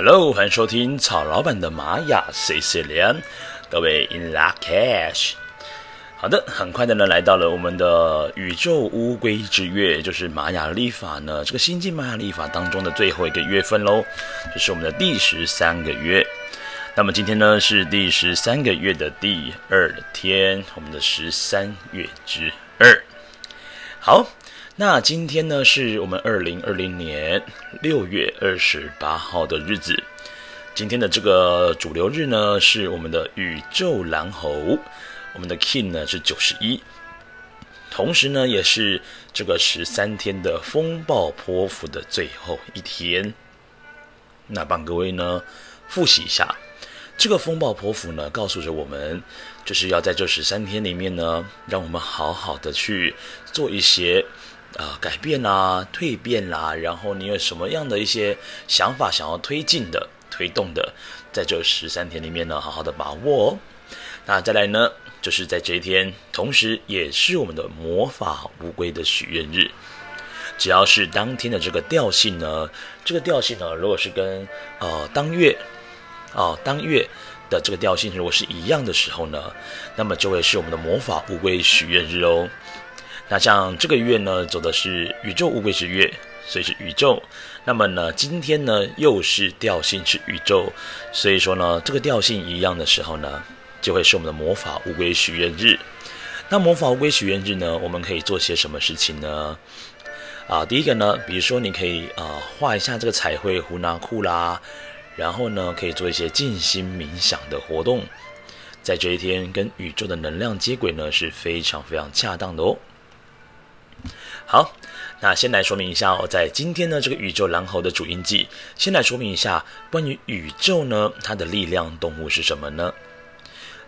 Hello，歡迎收聽草老闆的瑪雅碎碎念，Cicelyan, 各位 In lak'ech。好的，很快的呢，來到了我們的宇宙烏龜之月，就是瑪雅曆法呢這個星際瑪雅曆法當中的最後一個月份嘍，這、就是我們的第十三個月。那麼今天呢是第十三個月的第二天，我們的十三月之二。好。那今天呢，是我們二零二零年六月二十八號的日子。今天的這個主流日呢，是我們的宇宙藍猴，我們的 kin 呢是九十一，同時呢也是這個十三天的風暴波符的最後一天。那幫各位呢複習一下，這個風暴波符呢，告訴着我們，就是要在這十三天裡面呢，讓我們好好的去做一些。啊、呃，改變啦、啊，蛻變啦、啊，然後你有什麼樣的一些想法想要推進的、推動的，在這十三天裡面呢，好好的把握哦。那再來呢，就是在這一天，同時也是我們的魔法烏龜的許願日。只要是當天的這個調性呢，這個調性呢，如果是跟呃當月啊、呃、當月的這個調性如果是一樣的時候呢，那麼就會是我們的魔法烏龜許願日哦。那像這個月呢，走的是宇宙烏龜之月，所以是宇宙。那麼呢，今天呢又是調性是宇宙，所以說呢，這個調性一樣的時候呢，就會是我們的魔法烏龜許願日。那魔法烏龜許願日呢，我們可以做些什麼事情呢？啊，第一個呢，比如說你可以啊、呃、畫一下這個彩繪胡那庫啦，然後呢可以做一些靜心冥想的活動，在這一天跟宇宙的能量接軌呢是非常非常恰當的哦。好，那先來說明一下哦，在今天呢，這個宇宙藍猴的主印記，先來說明一下關於宇宙呢，它的力量動物是什麼呢？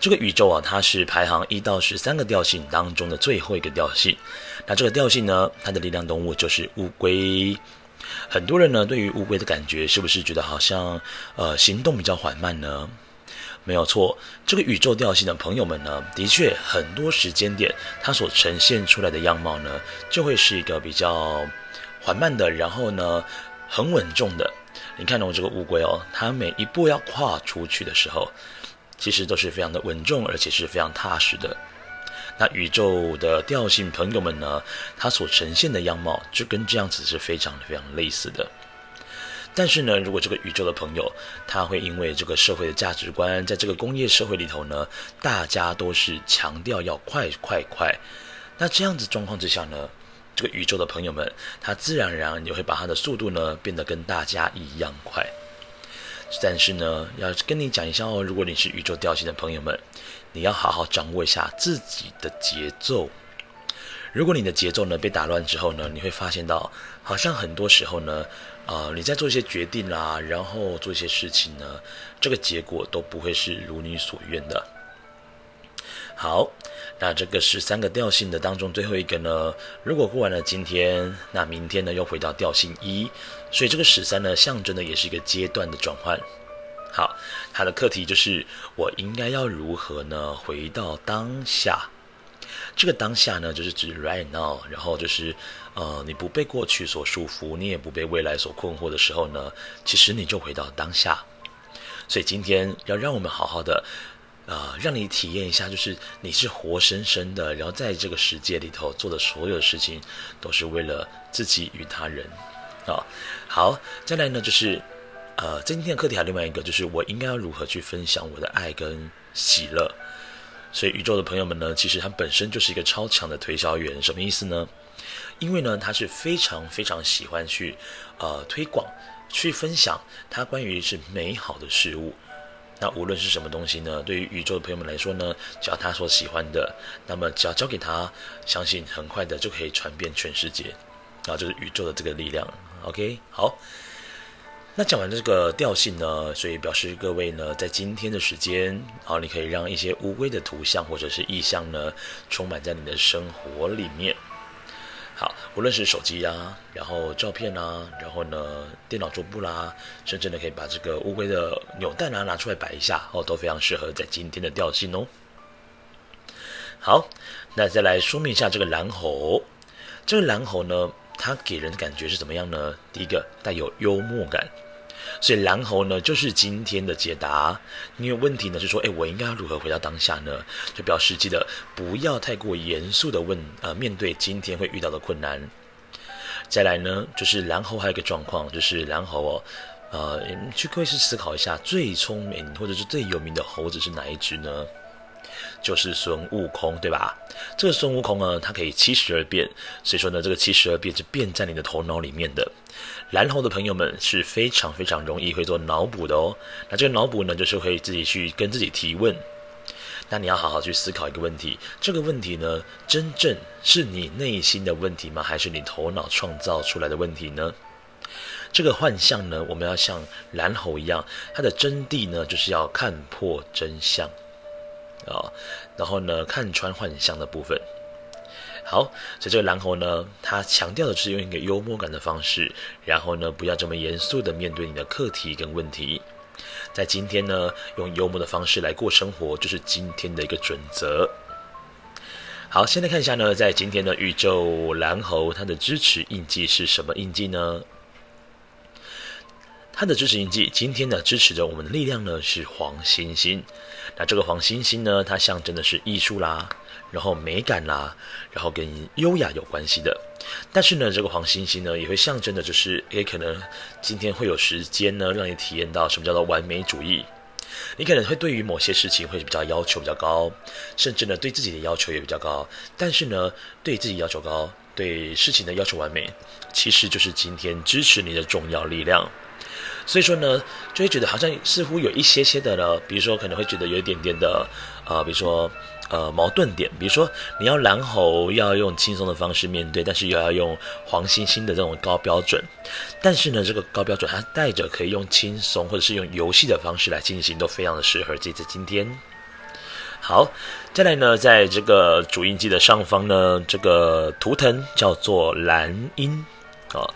這個宇宙啊，它是排行一到十三個調性當中的最後一個調性。那這個調性呢，它的力量動物就是烏龜。很多人呢，對於烏龜的感覺，是不是覺得好像，呃，行動比較緩慢呢？沒有錯，這個宇宙調性的朋友們呢，的確很多時間點，它所呈現出來的樣貌呢，就會是一個比較緩慢的，然後呢，很穩重的。你看到我這個烏龜哦，它每一步要跨出去的時候，其實都是非常的穩重，而且是非常踏實的。那宇宙的調性朋友們呢，它所呈現的樣貌，就跟這樣子是非常非常類似的。但是呢，如果這個宇宙的朋友，他會因為這個社會的價值觀，在這個工業社會裡頭呢，大家都是強調要快快快，那這樣子狀況之下呢，這個宇宙的朋友們，他自然而然也會把他的速度呢變得跟大家一樣快。但是呢，要跟你講一下哦，如果你是宇宙調性的朋友們，你要好好掌握一下自己的節奏。如果你的節奏呢被打亂之後呢，你會發現到好像很多時候呢。啊、呃，你在做一些決定啦，然後做一些事情呢，這個結果都不會是如你所願的。好，那這個十三個調性的當中最後一個呢，如果過完了今天，那明天呢又回到調性一，所以這個十三呢象徵的也是一個階段的轉換。好，它的課題就是我應該要如何呢回到當下？這個當下呢，就是指 right now，然後就是，呃，你不被過去所束縛，你也不被未來所困惑的時候呢，其實你就回到當下。所以今天要讓我們好好的，啊、呃，讓你體驗一下，就是你是活生生的，然後在這個世界裡頭做的所有事情，都是為了自己與他人。啊、哦，好，再來呢，就是，呃，今天的課題啊，還有另外一個就是我應該要如何去分享我的愛跟喜樂。所以宇宙的朋友們呢，其實他本身就是一個超強的推銷員，什麼意思呢？因為呢，他是非常非常喜歡去，呃，推廣、去分享他關於是美好的事物。那無論是什麼東西呢，對於宇宙的朋友們來說呢，只要他所喜歡的，那麼只要交給他，相信很快的就可以傳遍全世界。那，啊，就是宇宙的這個力量。OK，好。那講完這個調性呢，所以表示各位呢，在今天的時間，好，你可以讓一些烏龜的圖像或者是意象呢，充滿在你的生活裡面。好，無論是手機啊，然後照片啊，然後呢，電腦桌布啦、啊，甚至呢，可以把這個烏龜的扭蛋啊拿出來擺一下，哦，都非常適合在今天的調性哦。好，那再來說明一下這個藍猴，這個藍猴呢，它給人的感覺是怎麼樣呢？第一個，帶有幽默感。所以藍猴呢，就是今天的解答。因為問題呢，就是說，哎，我應該要如何回到當下呢？就表示記得，不要太過嚴肅的問。呃，面對今天會遇到的困難。再來呢，就是藍猴還有一個狀況，就是藍猴哦，呃，去各位是思考一下，最聰明或者是最有名的猴子是哪一隻呢？就是孫悟空，對吧？這個孫悟空呢，他可以七十二變，所以說呢，這個七十二變是變在你的頭腦裡面的。藍猴的朋友們是非常非常容易會做腦補的哦。那這個腦補呢，就是會自己去跟自己提問。那你要好好去思考一個問題，這個問題呢，真正是你內心的問題嗎？還是你頭腦創造出來的問題呢？這個幻象呢，我們要像藍猴一樣，它的真諦呢，就是要看破真相。啊，然後呢，看穿幻象的部分。好，所以這個藍猴呢，它強調的是用一個幽默感的方式，然後呢，不要這麼嚴肅的面對你的課題跟問題。在今天呢，用幽默的方式來過生活，就是今天的一個準則。好，現在看一下呢，在今天的宇宙藍猴，它的支持印記是什麼印記呢？它的支持印記，今天呢支持着我們的力量呢是黃星星。那這個黃星星呢，它象徵的是藝術啦，然後美感啦，然後跟優雅有關係的。但是呢，這個黃星星呢，也會象徵的，就是也可能今天會有時間呢，讓你體驗到什麼叫做完美主義。你可能會對於某些事情會比較要求比較高，甚至呢對自己的要求也比較高。但是呢，對自己要求高，對事情的要求完美，其實就是今天支持你的重要力量。所以說呢，就會覺得好像似乎有一些些的了，比如說可能會覺得有一點點的，呃，比如說，呃，矛盾點，比如說你要藍猴要用輕鬆的方式面對，但是又要用黃星星的這種高標準，但是呢，這個高標準它帶着可以用輕鬆或者是用遊戲的方式來進行，都非常的適合。這次今天，好，再來呢，在這個主印記的上方呢，這個圖騰叫做藍音。啊，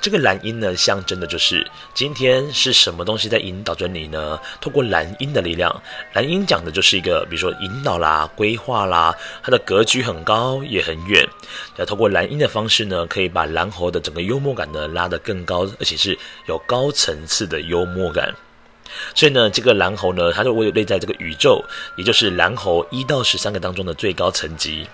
這個藍鷹呢，象徵的就是今天是什麼東西在引導着你呢？透過藍鷹的力量，藍鷹講的就是一個，比如說引導啦、規劃啦，它的格局很高也很遠。要透過藍鷹的方式呢，可以把藍猴的整個幽默感呢拉得更高，而且是有高層次的幽默感。所以呢，這個藍猴呢，它就位位在這個宇宙，也就是藍猴一到十三個當中的最高層級。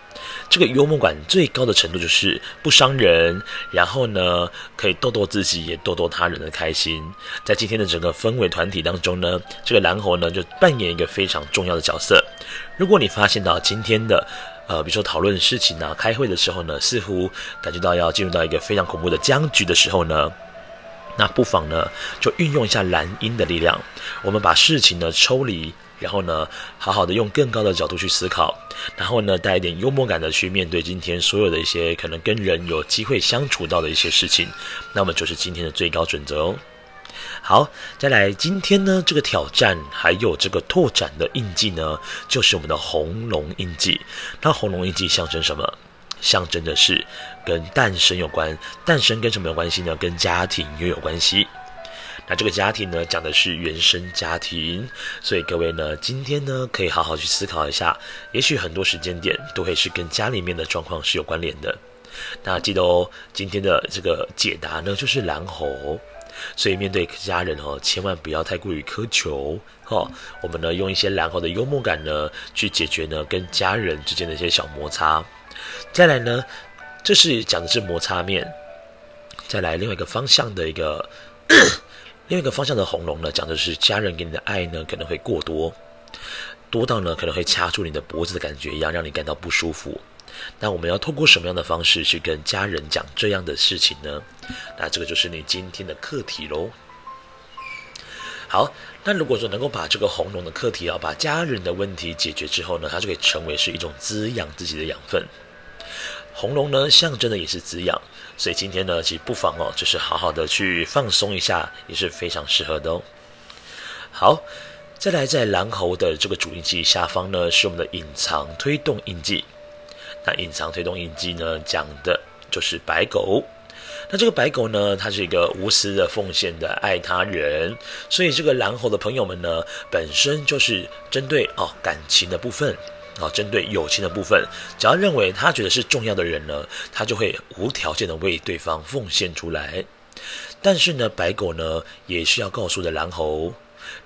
這個幽默感最高的程度就是不傷人，然後呢，可以逗逗自己，也逗逗他人的開心。在今天的整個氛圍團體當中呢，這個藍猴呢就扮演一個非常重要的角色。如果你發現到今天的，呃，比如說討論事情啊、開會的時候呢，似乎感覺到要進入到一個非常恐怖的僵局的時候呢。那不妨呢，就運用一下藍猴的力量，我們把事情呢抽離，然後呢，好好的用更高的角度去思考，然後呢，帶一點幽默感的去面對今天所有的一些可能跟人有機會相處到的一些事情，那麼就是今天的最高準則哦。好，再來，今天呢這個挑戰還有這個拓展的印記呢，就是我們的紅龍印記。那紅龍印記象徵什麼？象徵的是跟誕生有關，誕生跟什麼有關係呢？跟家庭又有關係。那這個家庭呢，講的是原生家庭，所以各位呢，今天呢可以好好去思考一下，也許很多時間點都會是跟家裡面的狀況是有關聯的。那記得哦，今天的這個解答呢就是藍猴，所以面對家人哦，千萬不要太過於苛求哦。我們呢用一些藍猴的幽默感呢，去解決呢跟家人之間的一些小摩擦。再來呢，這是講的是摩擦面。再來另外一個方向的一個，咳咳另外一個方向的紅龍呢，講的是家人給你的愛呢，可能會過多，多到呢可能會掐住你的脖子的感覺一樣，讓你感到不舒服。那我們要透過什麼樣的方式去跟家人講這樣的事情呢？那這個就是你今天的課題嘍。好，那如果說能夠把這個紅龍的課題啊，把家人的問題解決之後呢，它就可以成為是一種滋養自己的養分。紅龍呢，象徵的也是滋養，所以今天呢，其實不妨哦，就是好好的去放鬆一下，也是非常適合的哦。好，再來，在藍猴的這個主印記下方呢，是我們的隱藏推動印記。那隱藏推動印記呢，講的就是白狗。那這個白狗呢，它是一個無私的奉獻的愛他人，所以這個藍猴的朋友們呢，本身就是針對哦感情的部分。啊，針對友情的部分，只要認為他覺得是重要的人呢，他就會無條件的為對方奉獻出來。但是呢，白狗呢也是要告訴的藍猴，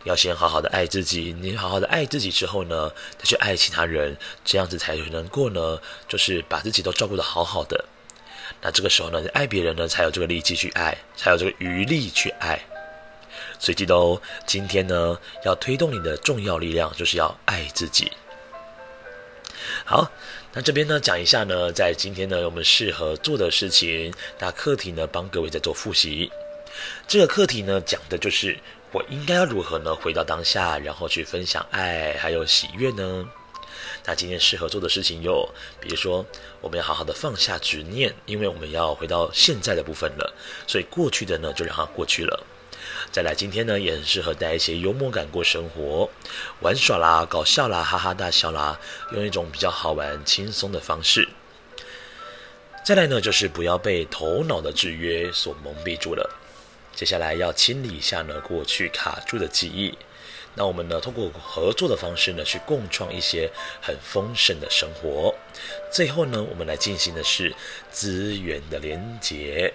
要先好好的愛自己。你好好的愛自己之後呢，再去愛其他人，這樣子才能夠呢，就是把自己都照顧得好好的。那這個時候呢，你愛別人呢才有這個力氣去愛，才有這個餘力去愛。所以記得哦，今天呢要推動你的重要力量就是要愛自己。好，那這邊呢講一下呢，在今天呢我們適合做的事情，那課題呢幫各位在做復習。這個課題呢講的就是我應該要如何呢回到當下，然後去分享愛還有喜悅呢？那今天適合做的事情有，比如說我們要好好的放下執念，因為我們要回到現在的部分了，所以過去的呢就讓它過去了。再來，今天呢也很適合帶一些幽默感過生活，玩耍啦，搞笑啦，哈哈大笑啦，用一種比較好玩、輕鬆的方式。再來呢，就是不要被頭腦的制約所矇蔽住了。接下來要清理一下呢過去卡住的記憶。那我們呢，通過合作的方式呢，去共創一些很豐盛的生活。最後呢，我們來進行的是資源的連接。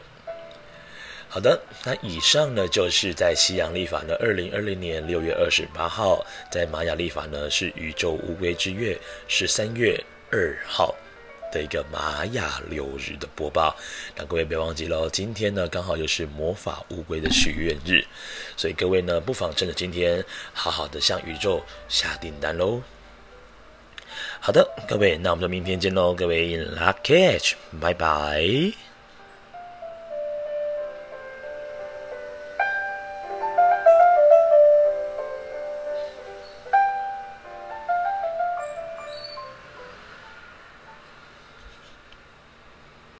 好的，那以上呢就是在西洋曆法的二零二零年六月二十八號，在瑪雅曆法呢是宇宙烏龜之月，是十三月二號的一個瑪雅流日的播報。那各位別忘記嘍，今天呢剛好就是魔法烏龜的許願日，所以各位呢不妨趁着今天好好的向宇宙下訂單嘍。好的，各位，那我們就明天見嘍，各位 In lak'ech，拜拜。